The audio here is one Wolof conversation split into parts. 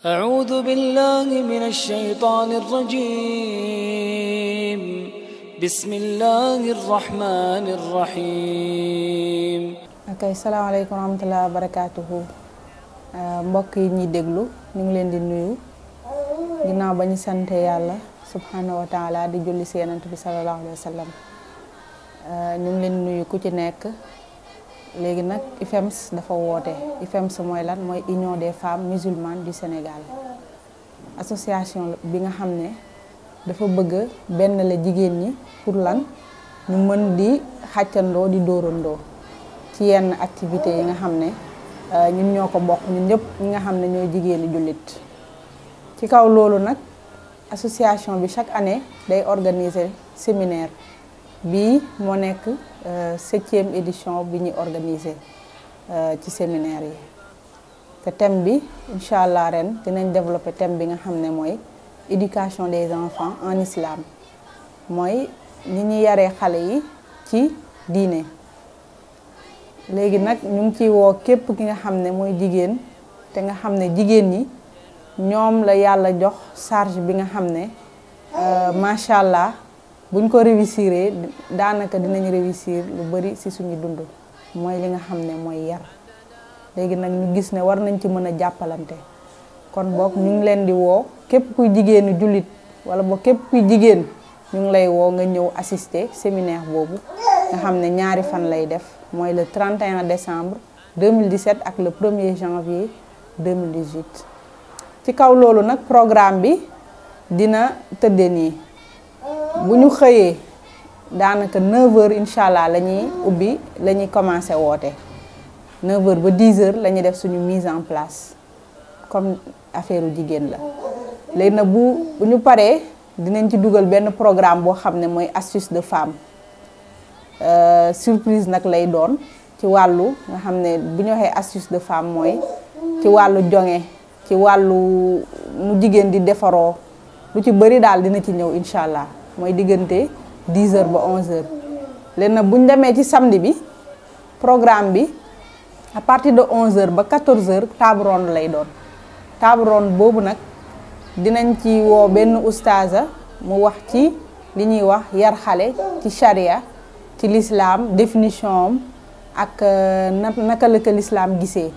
أعوذ بالله من الشيطان الرجيم بسم الله الرحمن الرحيم ok salaamaaleykum wa rahmatulah wa barakaatuhu euh, mbokk yi ñuy déglu ñu ngi leen di nuyu ginnaaw ba ñu sante yàlla subhanahu wa di julli si yonent bi sallallahu alayhi wa sallam euh, ñu ngi leen nuyu ku ci nekk léegi nag IFEMS dafa woote IFEMS mooy lan mooy union des femmes musulmanes du Sénégal association bi nga xam ne dafa bëgg benn la jigéen ñi pour lan ñu mën di xàccandoo di dóorandoo ci yenn activités yi nga xam ne euh, ñun ñoo ko bokk ñun ñëpp ñi nga xam ne ñooy jigéeni jullit ci kaw loolu nag association bi chaque année day organiser séminaire bii moo nekk Euh, septième édition organisée organisée euh, séminaire yi thème bi développer thème des enfants en islam Nous avons ñu yaree xale yi ci Nous ñu ngi képp ki nga xam ne mooy jigéen la buñ ko réussiree daanaka dinañ réussir lu bari si suñu dund mooy li nga xam ne mooy yar léegi nag ñu gis ne war nañ ci mën a jàppalante kon book ñu ngi leen di woo képp kuy jigéenu jullit wala boog képp kuy jigéen ñu ngi lay woo nga ñëw assister séminaire boobu nga xam ne ñaari fan lay def mooy le 31 décembre 2017 ak le 1er janvier 2018 ci kaw loolu nag programme bi dina tëddee nii bu ñu xëyee daanaka 9h incha allah la ñuy ubbi la ñuy commencé woote 9 ba 10h la ñuy def suñu mise en place comme affaire jigéen la léegi nag bu ñu paree dinañ ci dugal benn programme boo xam ne mooy astuce de femme euh, surprise nag lay doon ci wàllu nga xam ne bu ñu waxee astuce de femme mooy ci wàllu joŋe ci wàllu nu jigéen di defaroo lu ci bëri daal dina ci ñëw incha allah. Moy digënté 10 h ba 11 h lén na buñ démé ci samedi bi programme bi à partir de 11 h ba 14 h table ronde lay doon table ronde bobu nak dinañ ci wo benn oustaza mu wax ci li ñi wax yar xalé ci sharia ci l'islam définition ak euh, naka le ko l'islam gissé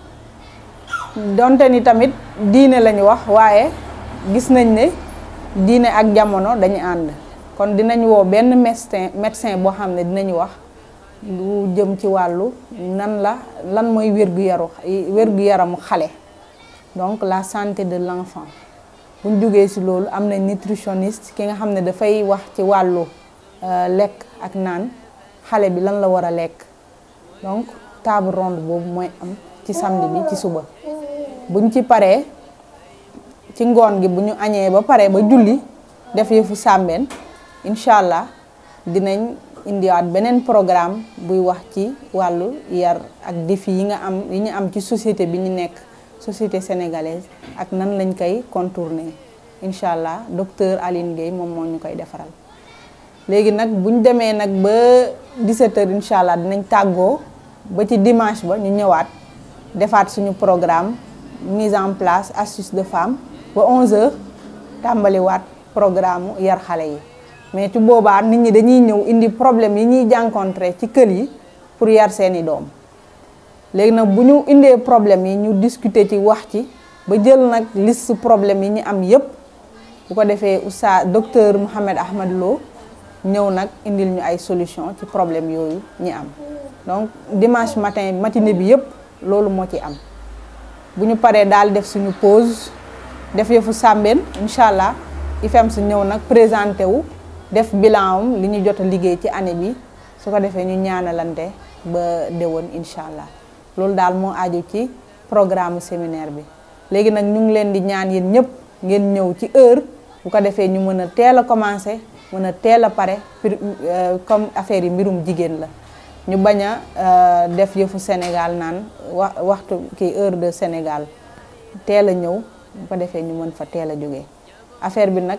donte ni tamit diiné lañ wax wayé gis nañ né diiné ak jamono dañu and kon dinañu woo benn médecin médecin boo xam ne dinañu wax lu jëm ci wàllu nan la lan mooy wér-gu-yaru wér-gu-yaramu xale donc la santé de l'enfant bu ñu jógee si loolu am na nutritionniste ki nga xam ne dafay wax ci wàllu euh, lekk ak naan xale bi lan la war a lekk donc table ronde boobu mooy am ci samedi bi ci suba buñ ci paree ci ngoon gi bu ñu añee ba pare ba julli def yëfu sàmbeen incha allah dinañ indiwaat beneen programme buy wax ci wàllu yar ak défi yi nga am yi ñu am ci société bi ñu nekk société sénégalaise ak nan lañ koy contourner incha allah docteur Aline Gueye moom moo ñu koy defaral. léegi nag bu ñu demee nag ba 17h incha allah dinañ tàggoo ba ci dimanche ba ñu ñëwaat defaat suñu programme mise en place astuce de femme ba 11h tàmbaliwaat programme yar xale yi. mais ci boobaa nit ñi dañuy ñëw indi problème yi ñuy jànkoonte ci kër yi pour yar seeni doom léegi nag bu ñu indee problème yi ñu discuter ci wax ci ba jël nag liste problème yi ñu am yépp bu ko defee oustaz docteur Mouhamed Ahmad loo ñëw nag indil ñu ay solution ci problème yooyu ñi am donc dimanche matin matinée bi yépp loolu moo ci am bu ñu paree daal def suñu pause def yëfu sàmbeen incha allah IFEMS ñëw nag présenté wu def bilan li ñu jot liggéey ci année bi su ko defee ñu ñaanalante ba déwoon inshallah lool dal mo aaju ci programme séminaire bi légui nak ñu ngi leen di ñaan yeen ñëpp ngeen ñëw ci heure bu ko défé ñu mëna téla commencer mëna téla paré pare euh, comme affaire yi mbirum jigen la ñu baña euh, def yeufu Sénégal nan waxtu ki heure de Sénégal téla ñëw bu ko défé ñu mëna fa téla a affaire bi nak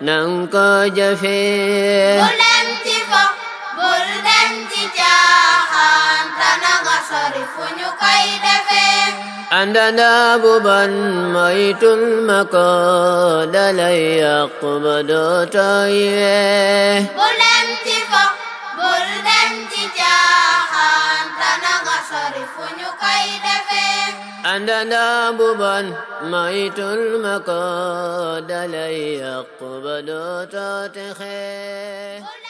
nang ko jëfee bul dem ci fo bul dem fu ñu koy defee àndandoo bu bon moytul ma ko dalay yàqu ba dootoo yiwee bul dem ci fo عدد أبوبا ميت المقاد لن يقبض تاتخيه